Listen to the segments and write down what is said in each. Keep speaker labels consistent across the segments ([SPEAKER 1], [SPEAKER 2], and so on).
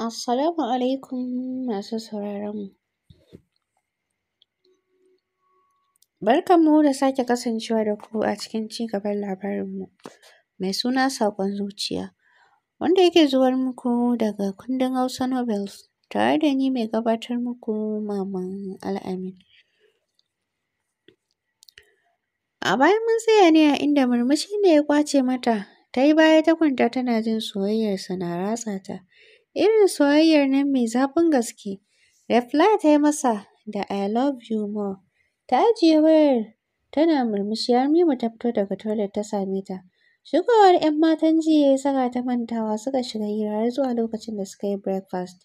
[SPEAKER 1] Assalamu alaikum masu sauraron mu. Barkan mu da sake kasancewa da ku a cikin cigaban labarin mu mai suna saƙon zuciya wanda yake zuwar muku daga kundin Hausa Novels tare da ni mai gabatar muku Maman Al'amin. A baya mun tsaya ne a inda murmushi ne ya ƙwace mata ta yi baya ta kwanta tana jin soyayyarsa na ratsa ta. Irin soyayyar nan mai zafin gaske, reply ta yi masa da "I love you more". Ta ajiye wayar tana murmushi har mimu ta fito daga toilet ta same ta. Shigowar 'yan matan jiya ya saka ta mantawa suka shiga hira har zuwa lokacin da suka yi breakfast.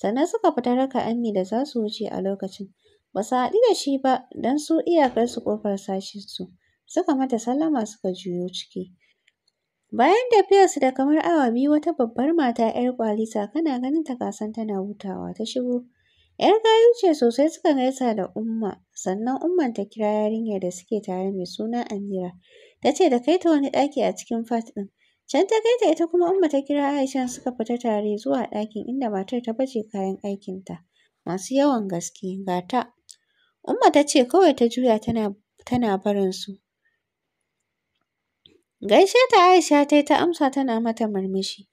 [SPEAKER 1] Sannan suka fita raka Ammi da za su wuce a lokacin. Ba su haɗu da shi ba don su iyakar su ƙofar sashin su. Suka mata sallama suka juyo ciki. Bayan da tafiyarsu da kamar awa biyu wata babbar mata 'yar ƙwalisa kana ganin ta kasan tana hutawa ta shigo. 'Yar gayu ce sosai suka gaisa da Umma sannan Umman ta kira yarinyar da suke tare mai suna Amira ta ce da kai ta wani ɗaki a cikin fat ɗin. Can ta kai ta ita kuma Umma ta kira Aisha suka fita tare zuwa ɗakin inda matar ta baje kayan aikinta masu yawan gaske ga ta. Umma ta ce kawai ta juya tana barinsu. Gaishe ta Aisha ta ta amsa tana mata murmushi.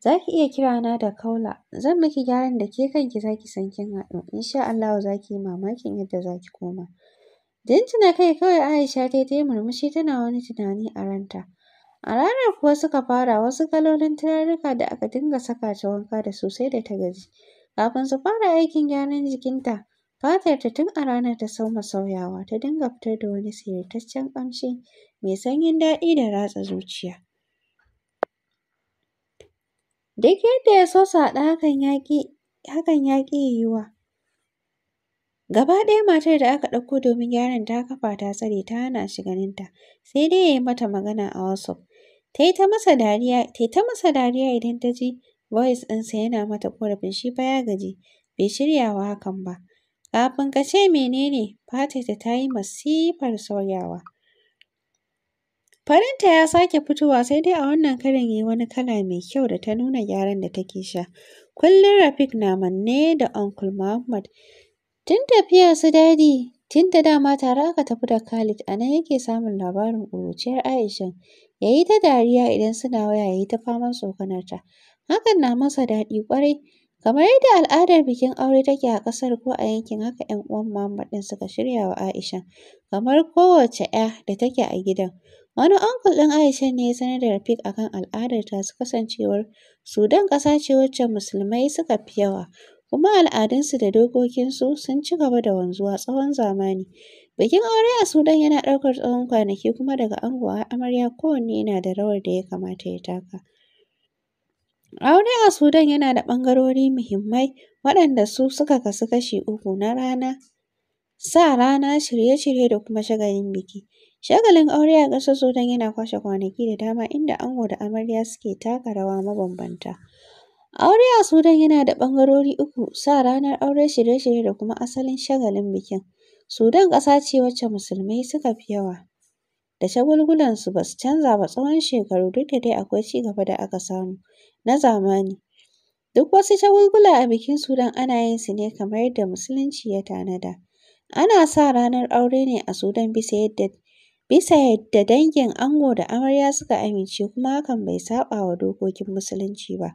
[SPEAKER 1] Za ki iya kira na da Kaula, zan miki gyaran da ke kanki za ki san kin haɗu, insha Allahu za ki yi mamakin yadda za ki koma. Jinjina kai kawai Aisha ta ta yi murmushi tana wani tunani a ranta. A ranar kuwa suka fara wasu kalolin turaruka da aka dinga saka ta wanka da sosai da ta gaji. Kafin su fara aikin gyaran jikinta, fatarta tun a ranar ta sauma sauyawa, ta dinga fitar da wani sirrataccen ƙamshi mai sanyin daɗi da ratsa zuciya. Duk yadda ya so su hakan ya ƙi ya ƙi yiwuwa. Gaba ɗaya matar da aka ɗauko domin gyaran ta kafa ta tsare ta hana shi ganin ta sai dai ya yi mata magana a WhatsApp. Ta yi ta masa dariya idan ta ji voice ɗinsa yana mata ƙorafin shi fa ya gaji, bai shirya wa hakan ba. Kafin ka ce menene, ne, ta yi masifar sauyawa. Farinta ya sake fitowa sai dai a wannan karin yayi yi wani kala mai kyau da ta nuna gyaran da take sha. Kullum Rafik na manne da Uncle Muhammad. Tun tafiya su dadi, tun da dama tare aka tafi da Khalid a nan yake samun labarin ƙuruciyar Aisha. Ya yi ta dariya idan suna waya ya yi ta faman ta Hakan na masa daɗi ƙwarai. Kamar yadda al'adar bikin aure take a ƙasar ko a yankin haka 'yan uwan Muhammad ɗin suka shirya wa Aisha. Kamar kowace 'ya da take a gidan. Wani uncle ɗin Aisha ne ya sanar da Rafiq a kan ta su kasancewar Sudan ƙasa ce wacce Musulmai suka fi yawa, kuma al'adunsu da dokokinsu sun ci gaba da wanzuwa tsawon zamani. Bikin aure a Sudan yana ɗaukar tsawon kwanaki kuma daga ango amarya kowanne yana da rawar da ya kamata ya taka. Aure a Sudan yana da ɓangarori muhimmai waɗanda su suka kasu kashi uku na rana, sa rana, shirye-shirye da kuma shagalin biki. Shagalin aure a ƙasar Sudan yana kwashe kwanaki da dama inda ango da amarya suke taka rawa mabambanta. Aure a Sudan yana da ɓangarori uku, sa ranar aure, shirye-shirye da kuma asalin shagalin bikin. Sudan ƙasa ce wacce Musulmai suka fi yawa da shagulgulansu ba su canza ba tsawon shekaru duk da dai akwai ci gaba da aka samu na zamani. Duk wasu shagulgula a bikin Sudan ana yin su ne kamar yadda Musulunci ya tanada. Ana sa ranar aure ne a Sudan bisa yadda bisa yadda dangin ango da amarya suka amince kuma hakan bai saba wa dokokin musulunci ba.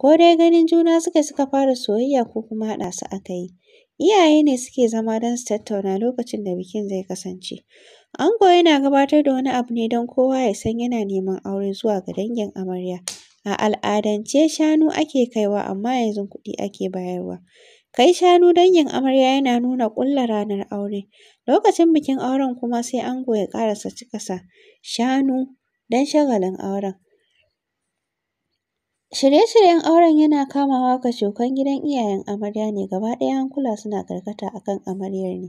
[SPEAKER 1] Ko dai ganin juna suka suka fara soyayya ko kuma haɗa su aka yi. Iyaye ne suke zama don su tattauna lokacin da bikin zai kasance. Ango yana gabatar da wani abu ne don kowa ya san yana neman aure zuwa ga dangin amarya. A al'adance shanu ake kaiwa amma yanzu kuɗi ake bayarwa. Kai shanu dangin amarya yana nuna ƙulla ranar aure. Lokacin bikin auren kuma sai ango ya ƙarasa cikasa shanu don shagalin auren. Shirye-shiryen auren yana kamawa shukan gidan iyayen amarya ne gaba ɗaya an kula suna karkata akan amaryar ne,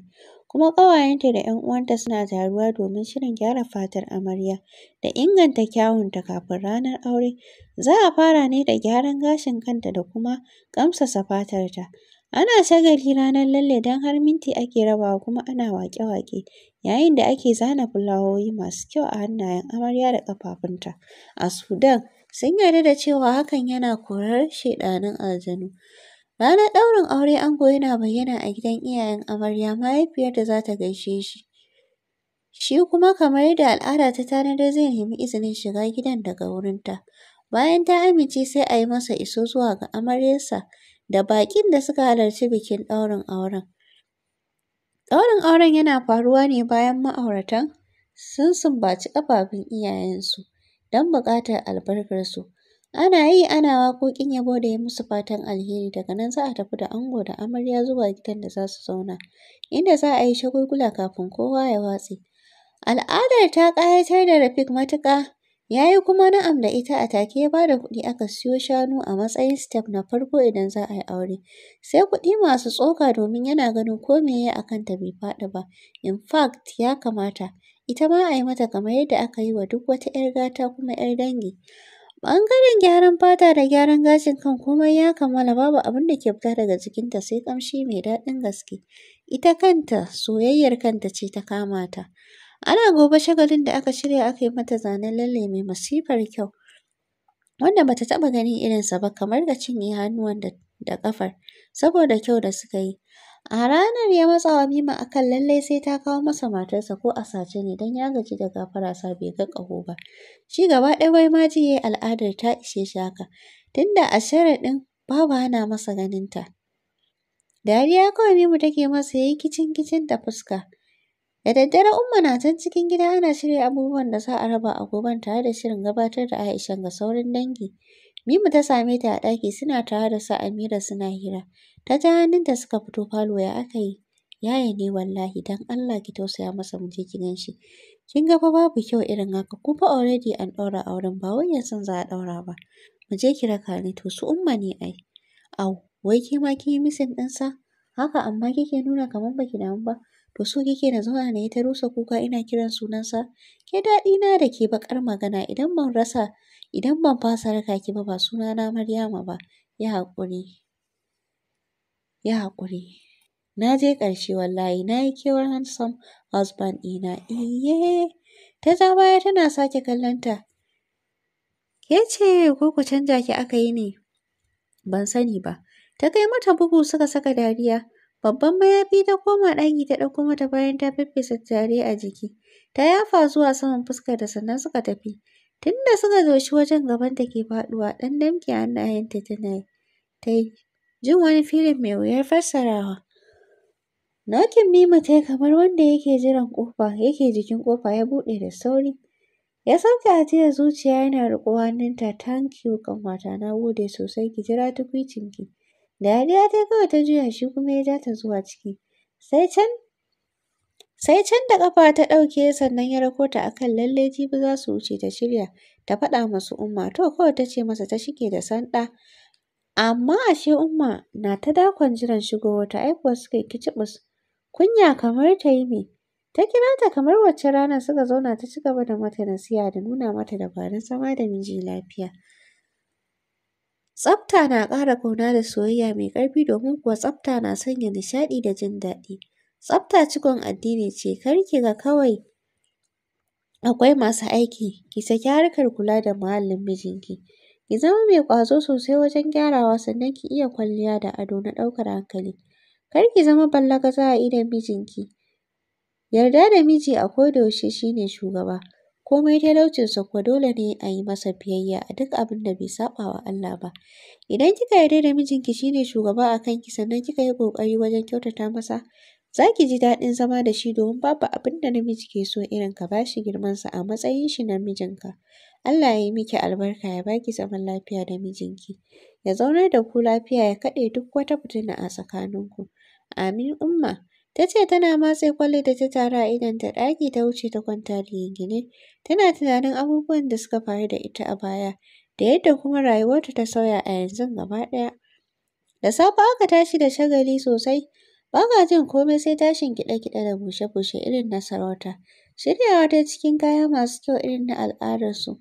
[SPEAKER 1] kuma ƙawayenta da ‘yan uwanta suna taruwa domin shirin gyara fatar amarya da inganta kyawunta kafin ranar aure. Za a fara ne da gyaran gashin kanta da kuma ƙamsasa fatarta. Ana shagali ranar lalle don har minti ake rabawa kuma ana waƙe-waƙe yayin da ake zana fulawoyi masu kyau a hannayen amarya da ƙafafunta. A Sudan, sun yarda da cewa hakan yana korar shaiɗanun aljanu. Ranar ɗaurin aure ango yana bayyana a gidan iyayen amarya, da za ta gaishe shi. Shi kuma kamar yadda al'ada ta tanadar zai nemi izinin shiga gidan daga wurinta. Bayan ta amince sai a yi masa iso zuwa ga amaryarsa da baƙin da suka halarci bikin ɗaurin auren. Ɗaurin auren yana faruwa ne bayan ma'auratan sun sumbaci ƙafafun iyayensu don buƙatar albarkarsu. Ana yi ana waƙoƙin yabo da yi musu fatan alheri daga nan za a tafi da ango da amarya zuwa gidan da za su zauna inda za a yi shagulgula kafin kowa ya watse. Al'adar ta ƙayatar da Rafiq matuƙa Ya yi kuma na'am da ita a take ya ba da kuɗi aka siyo shanu a matsayin step na farko idan za a yi aure. Sai kuɗi masu tsoka domin yana ganin ko me ya yi a kanta bai faɗi ba. In fact ya kamata ita ma a yi mata kamar yadda aka yi wa duk wata 'yar gata kuma 'yar dangi. Bangaren gyaran fata da gyaran gashin kan komai ya kammala babu abin da ke fita daga jikinta sai ƙamshi mai daɗin gaske. Ita kanta soyayyar kanta ce ta kamata. Ana gobe shagalin da aka shirya aka yi mata zanen lalle mai masifar kyau. Wanda bata taɓa ganin irinsa ba kamar da cinye hannuwan da, da ƙafar saboda kyau da suka yi. A ranar ya matsa wa Mima kan lalle sai ta kawo masa matarsa ko a sace ne don ya gaji da gafararsa bai ga ƙaho ba. Shi gaba ɗaya wai ma ji ya yi al'adar ta ishe shi haka. Tunda a sharaɗin babu hana masa ganinta. Dariya kawai Mimu take masa ya yi kicin kicin da fuska. Da daddare Umma na can cikin gida ana shirya abubuwan da za a raba a goben tare da shirin gabatar da Aisha ga sauran dangi. Mimu ta same ta a ɗaki suna tare da su Amira suna hira. Ta ja da suka fito falo ya aka yi. Yaya ne wallahi dan Allah ki tausaya masa mu je ki gan shi. Kin ga fa babu kyau irin haka ku fa already an ɗaura auren ba wai yanzu za a ɗaura ba. Mu je ki raka ni to su Umma ne ai. Au wai ke ma kin yi ɗinsa? Haka amma kike nuna kamar baki damu ba. To so kike na zauna na yi ta rusa kuka ina kiran sunansa? Ke daɗi na da ke baƙar magana idan ban rasa idan ban fasa raka ki ba ba suna na Maryama ba. Ya haƙuri. Ya haƙuri. Na je ƙarshe wallahi na yi kewar handsome husband ɗina. Iye. Ta ja baya tana sake kallonta. Ke ce ko ku canja ki aka yi ne? Ban sani ba. Ta kai mata bugu suka saka dariya. Babban mayafi ta koma ɗaki ta ɗauko mata bayan ta fiffesa tare a jiki. Ta yafa zuwa saman fuskar da sannan suka tafi. Tunda suka doshi wajen gaban ta ke faɗuwa ɗan damƙe hannayenta tana ta yi. Jin wani filin mai wuyar fassarawa. Nakin Mima ta yi kamar wanda yake jiran kofa yake jikin kofa ya buɗe da sauri. Ya sauke ajiyar zuciya yana riƙo hannunta, thank you ƙanwata, na gode sosai, ki jira ki. Dariya ta kawai ta juya shi kuma ya ja ta zuwa ciki. Sai can sai can da ƙafa ta ɗauke sannan ya rako ta a kan lalle jibi za su wuce ta shirya ta faɗa masu umma to kawai ta ce masa ta shige da sanda. Amma ashe umma na ta dakon jiran shigo, wata kuwa suka yi kicibis. Kunya kamar ta yi me? Ta kira ta kamar wacce rana suka zauna ta ci gaba da mata nasiha da nuna mata dabarun zama da miji lafiya. Tsafta na ƙara ƙauna da soyayya mai ƙarfi domin kuwa tsafta na sanya nishaɗi da jin daɗi. Tsafta cikon addini ce, kar ki ga kawai akwai masu aiki, ki saki harkar kula da muhallin mijinki. Ki zama mai ƙwazo sosai wajen gyarawa sannan ki iya kwalliya da ado na ɗaukar hankali. Kar ki zama za a idon mijinki. Yarda da miji a kodayaushe shi ne shugaba. komai talaucinsa kuwa dole ne a yi masa biyayya a duk abin da bai saɓa wa Allah ba. Idan kika yarda da mijinki shine shugaba a kanki sannan kika yi ƙoƙari wajen kyautata masa, za ki ji daɗin zama da shi domin babu abin da namiji ke so irin ka ba shi sa a matsayin shi na mijinka. Allah ya yi miki albarka ya baki zaman lafiya da mijinki, ya zaunar da ku lafiya ya kaɗe duk wata fitina a tsakaninku. Amin Umma. Ta ce tana matse kwallo da ta taru a idonta ɗaki ta wuce ta kwanta da yingine. Tana tunanin abubuwan da suka faru da ita a baya da yadda kuma rayuwarta ta sauya a yanzu gaba ɗaya. Da safe aka tashi da shagali sosai. Ba ka jin komai sai tashin kiɗe-kiɗe da bushe-bushe irin na sarauta. Shiryawa ta cikin kaya masu kyau irin na al'adarsu.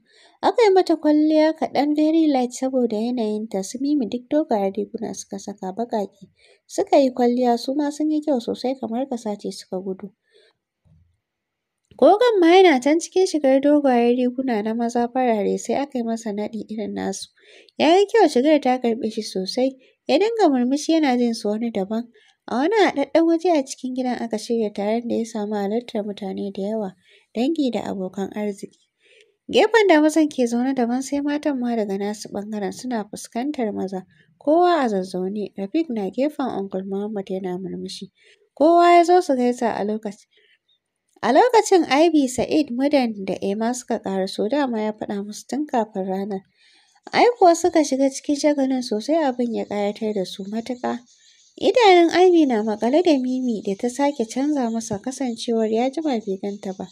[SPEAKER 1] Aka yi mata kwalliya kaɗan very light saboda yanayinta su Mimi duk dogayen riguna suka saka baƙaƙe. Suka yi kwalliya su ma sun yi kyau sosai kamar ƙasa ce suka gudu. Gogon ma yana can cikin shigar dogayen riguna na maza farare sai aka yi masa naɗi irin nasu. Ya yi kyau shigar ta karɓe shi sosai. Ya dinga murmushi yana jin su wani daban. A wani haɗaɗɗen waje a cikin gidan aka shirya taron da ya samu halartar mutane da yawa, dangi da abokan arziki. Gefen da mazan ke zaune daban sai matan ma daga nasu bangaren suna fuskantar maza. Kowa a zazzaune, Rafiq na gefen Uncle Muhammad yana murmushi. Kowa ya zo su gaisa a lokaci. A lokacin Ivy, Sa'id, Mudan da Emma suka ƙara, ƙaraso dama ya faɗa musu tun kafin ranar. Ai kuwa suka shiga cikin shagalin sosai abin ya ƙayatar da su matuƙa. Idanun Ivy na maƙale da Mimi da ta sake canza masa kasancewar ya jima bai ganta ba.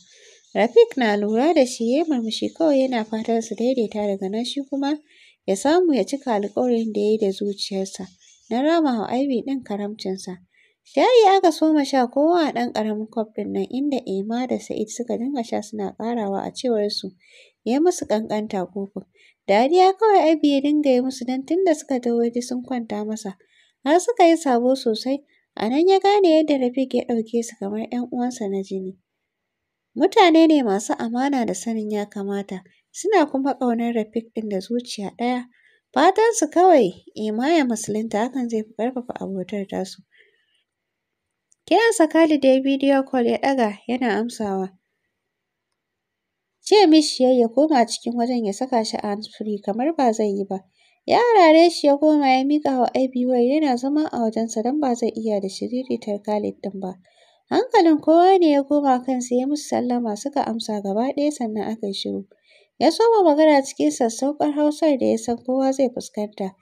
[SPEAKER 1] Rafik na lura da shi ya murmushi kawai yana fatan su daidaita daga nan shi kuma ya samu ya cika alƙawarin da ya yi da zuciyarsa na rama wa Ivy ɗin karamcinsa. Shayi aka soma sha kowa a ɗan ƙaramin kwaf ɗin nan inda Emma da Sa'id suka dinga sha suna ƙarawa a cewarsu ya musu ƙanƙanta kofin. Dariya kawai Ivy ya dinga yi musu don tunda suka taho ya sun kwanta masa har suka yi sabo sosai. A nan ya gane yadda Rafik ya ɗauke su kamar 'yan uwansa na jini. Mutane ne masu amana da sanin ya kamata, suna kuma ƙaunar Rafiq ɗin da zuciya ɗaya. Fatan su kawai imaya musulunta hakan zai fi ƙarfafa abotar tasu. su. Khalid ya bidiyo kol ya ɗaga yana amsawa. Ce mishi ya koma cikin wajen ya saka shi a handsfree kamar ba zai yi ba. Ya harare shi ya koma ya miƙa wa Aibi yana zama a wajensa don ba zai iya da shiriritar Khalid ɗin ba. Hankalin kowa ne ya koma kansa ya musu sallama suka amsa gaba ɗaya sannan aka yi shiru. Ya soma magana cikin sassauƙar Hausar da ya san kowa zai fuskanta.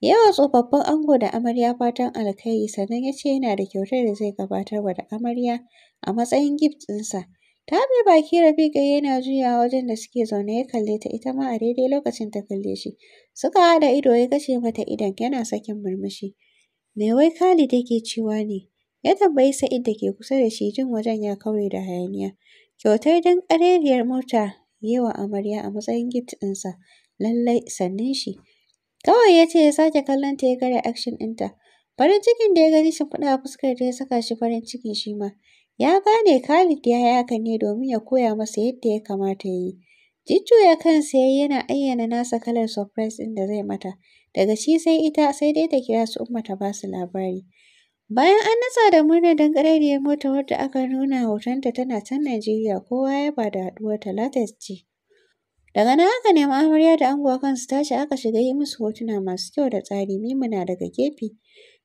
[SPEAKER 1] Yawan tsofaffin ango da amarya fatan alkhairi sannan ya ce yana da kyautar da zai gabatarwa da amarya a matsayin gift ɗinsa. Ta mai baki Rafiƙa yana juyawa wajen da suke zaune ya kalle ta ita ma a daidai lokacin ta kalle shi. Suka haɗa ido ya kashe mata idon yana sakin murmushi. Me wai Khalid yake cewa ne? Ya tambayi Sa'id da ke kusa da shi jin wajen ya kaure da hayaniya. Kyautar dan ƙarerriyar mota ya wa amarya a matsayin gift ɗinsa. Lallai sannin shi. Kawai ya ce ya sake kallon ta ya karya action ɗinta. Farin cikin da ya gani shi a fuskar da ya saka shi farin cikin shi ma. Ya gane Khalid ya yi hakan ne domin ya koya masa yadda ya kamata ya yi. ya kansa ya yi yana ayyana nasa kalar surprise ɗin da zai mata. Daga shi sai ita sai dai ta kira su Umma ta ba su labari. Bayan an natsa da murnar dangarariyar mota wadda aka nuna hotonta tana can Najeriya kowa ya ba da haɗuwar Talata ce. Daga nan aka nemi amarya da ango su tashi aka shiga yi musu hotuna masu kyau da tsari mimuna daga gefe.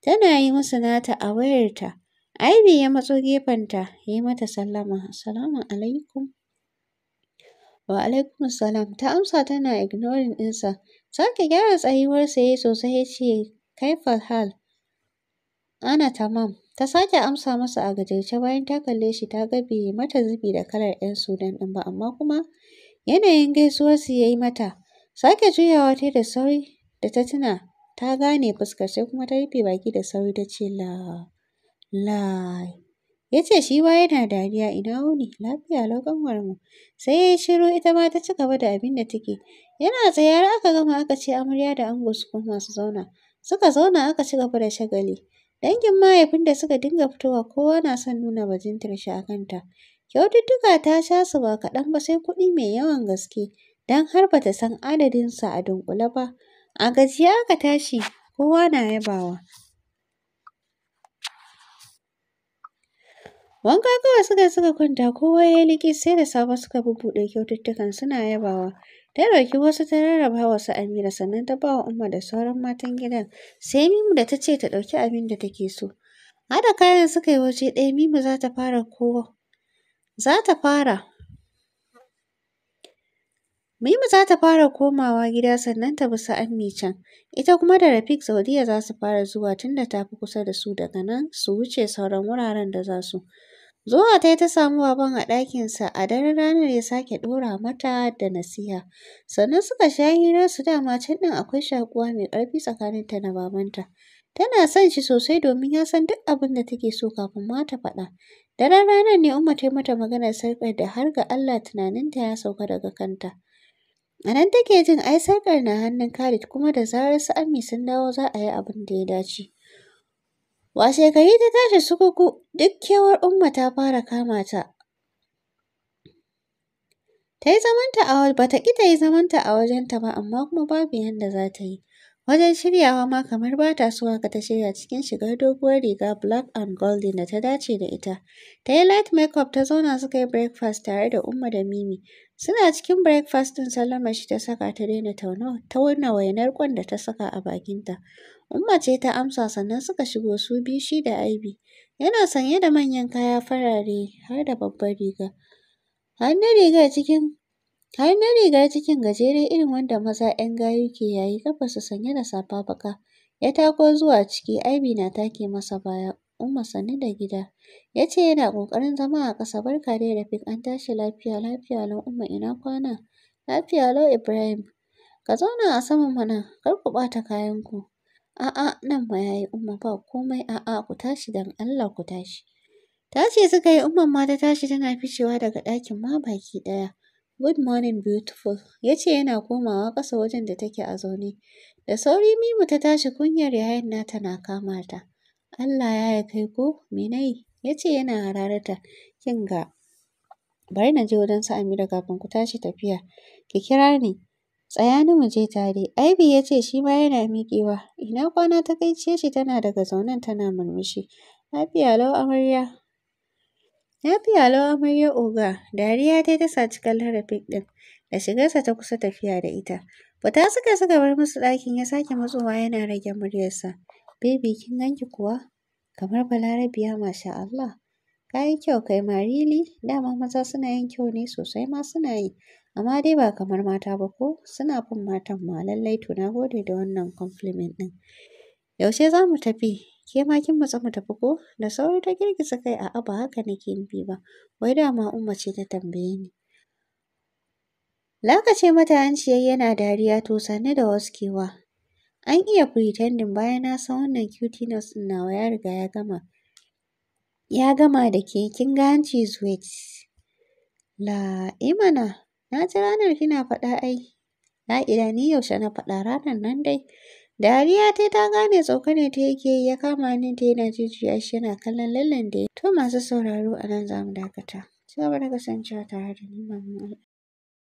[SPEAKER 1] Tana yi musu nata a wayarta. Ivy ya matso gefenta ya yi mata sallama. Assalamu alaikum. Wa alaikum salam. Ta amsa tana ignoring ɗinsa. Sake gyara tsayuwarsa ya yi sosai ya ce kai hal. Ana tamam. Ta sake amsa masa a gajarce bayan ta kalle shi ta gabe mata zubi da kalar 'yan Sudan ɗin ba amma kuma yanayin gaisuwarsu ya yi mata. Sake juyawa ta da sauri da ta tuna ta gane fuskar sai kuma ta rufe baki da sauri ta ce la la ya ce shi ba yana dariya ina wuni lafiya lau mu sai ya yi shiru ita ma ta ci gaba da abin da take yana tsayar har aka gama aka ce amarya da ango su koma su zauna suka zauna aka ci gaba da shagali Dangin mahaifin da suka dinga fitowa kowa na son nuna bajintar shi a kanta. Kyaututtuka ta sha su ba kaɗan ba sai kuɗi mai yawan gaske don har ba ta san adadinsa a dunkule ba. A gajiye aka tashi kowa na yabawa. Wanka kawai suka yi suka kwanta kowa ya yi sai da safe suka bubbuɗe kyaututtukan suna yabawa. Ta ɗauki wasu ta rarraba wasu Amira sannan ta ba wa Umma da sauran matan gidan. Sai Mimu da ta ce ta ɗauki abin da take so. Haɗa kayan suka yi waje ɗaya Mimu za ta fara kowa. Za ta fara Mimu za ta fara komawa gida sannan ta bi su Ammi can. Ita kuma da Rafiq Saudiya za su fara zuwa tunda ta fi kusa da su daga nan su wuce sauran wuraren da za su. Zuwa ta yi ta samu baban a ɗakinsa a daren ranar ya sake ɗora mata da nasiha. Sannan suka sha hira su dama can ɗin akwai shakuwa mai ƙarfi tsakaninta na babanta. Tana son shi sosai domin ya san duk abin da take so kafin ma ta faɗa. Daren ranar ne Umma ta yi mata maganar sarƙar da har ga Allah tunaninta ya sauka daga kanta. A nan take jin ai sarƙar na hannun Khalid kuma da zarar su Ami sun dawo za a yi abin da ya dace. Wa shekari ta tashi sukuku duk kewar Umma ta fara kama ta. Ta yi zamanta a wajen ta ta yi zamanta a wajenta ba amma kuma babu yadda za ta yi. Wajen shiryawa ma kamar ba ta so haka ta shirya cikin shigar doguwar riga black and golden da ta dace da ita. Ta yi light makeup ta zauna suka yi breakfast tare da Umma da Mimi. Suna cikin breakfast ɗin Salama shi ta saka ta daina tauna tauna wainar kwan da ta saka a bakinta. Umma ce ta amsa sannan suka shigo su biyu shi da Ivy. Yana sanye da manyan kaya farare har da babbar riga. Hannun rigar cikin Hannun rigar cikin gajere irin wanda maza ƴan gayu ke yayi, ƙafarsa sanye da safa baka Ya tako zuwa ciki, aibi na take masa baya. Umma sannu da gida. Ya ce yana ƙoƙarin zama a ƙasa. Barka dai Rafiq, an tashi lafiya, lafiya lau. Umma ina kwana? Lafiya lau Ibrahim. Ka zauna a saman mana, kar ku ɓata kayanku. A'a nan ma yayi Umma ba komai, a'a ku tashi dan Allah ku tashi. Tashi suka yi Umman ma ta tashi tana ficewa daga ɗakin ma baki ɗaya. Good morning beautiful, ya ce yana komawa ƙasa wajen da take a zaune. Da sauri Mimu ta tashi kunyar yayin nata na kama ta. Allah ya ya kai ko menai ya ce yana hararta. Kin ga bari na je wajen sa Amira kafin ku tashi tafiya. Ki kira ni. Tsaya ni mu je tare. Aibi ya ce shi ma yana miƙewa. Ina kwana ta gaishe shi tana daga zaunen tana murmushi. Lafiya lau amarya. Lafiya lau murya oga, dariya dai ta saci cikin Rafiq ɗin da shigarsa ta kusa tafiya da ita. Fita suka suka bar musu ɗakin ya sake matsowa yana rage muryarsa. Baby kin ganki kuwa? Kamar Balarabiya masha Allah. Ka yi kyau kai ma really? Dama maza suna yin kyau ne sosai ma suna yi. Amma dai ba kamar mata ba ko? Suna fin matan ma lallai to na gode da wannan compliment ɗin. Yaushe za mu tafi? Ke ma kin matsa mu tafi ko? Da sauri ta girgiza kai a aba haka nake nufi ba. Wai dama Umma ce ta tambaye ni. Lakace mata hanciyar yana dariya to sanne da waskewa. An iya pretending bayan na san wannan cuteness ɗin nawa ya riga ya gama. Ya gama da ke kin ga hanci sweet La imana eh na ji ranar kina faɗa ai. La'ila ni yaushe na faɗa ranar nan dai. Dariya ta ta gane tsokane ta yake yi ya kama ta yana jijiya shi yana kallon lallan da ya To masu sauraro a nan za mu dakata. Ci gaba na kasancewa tare da ni Maman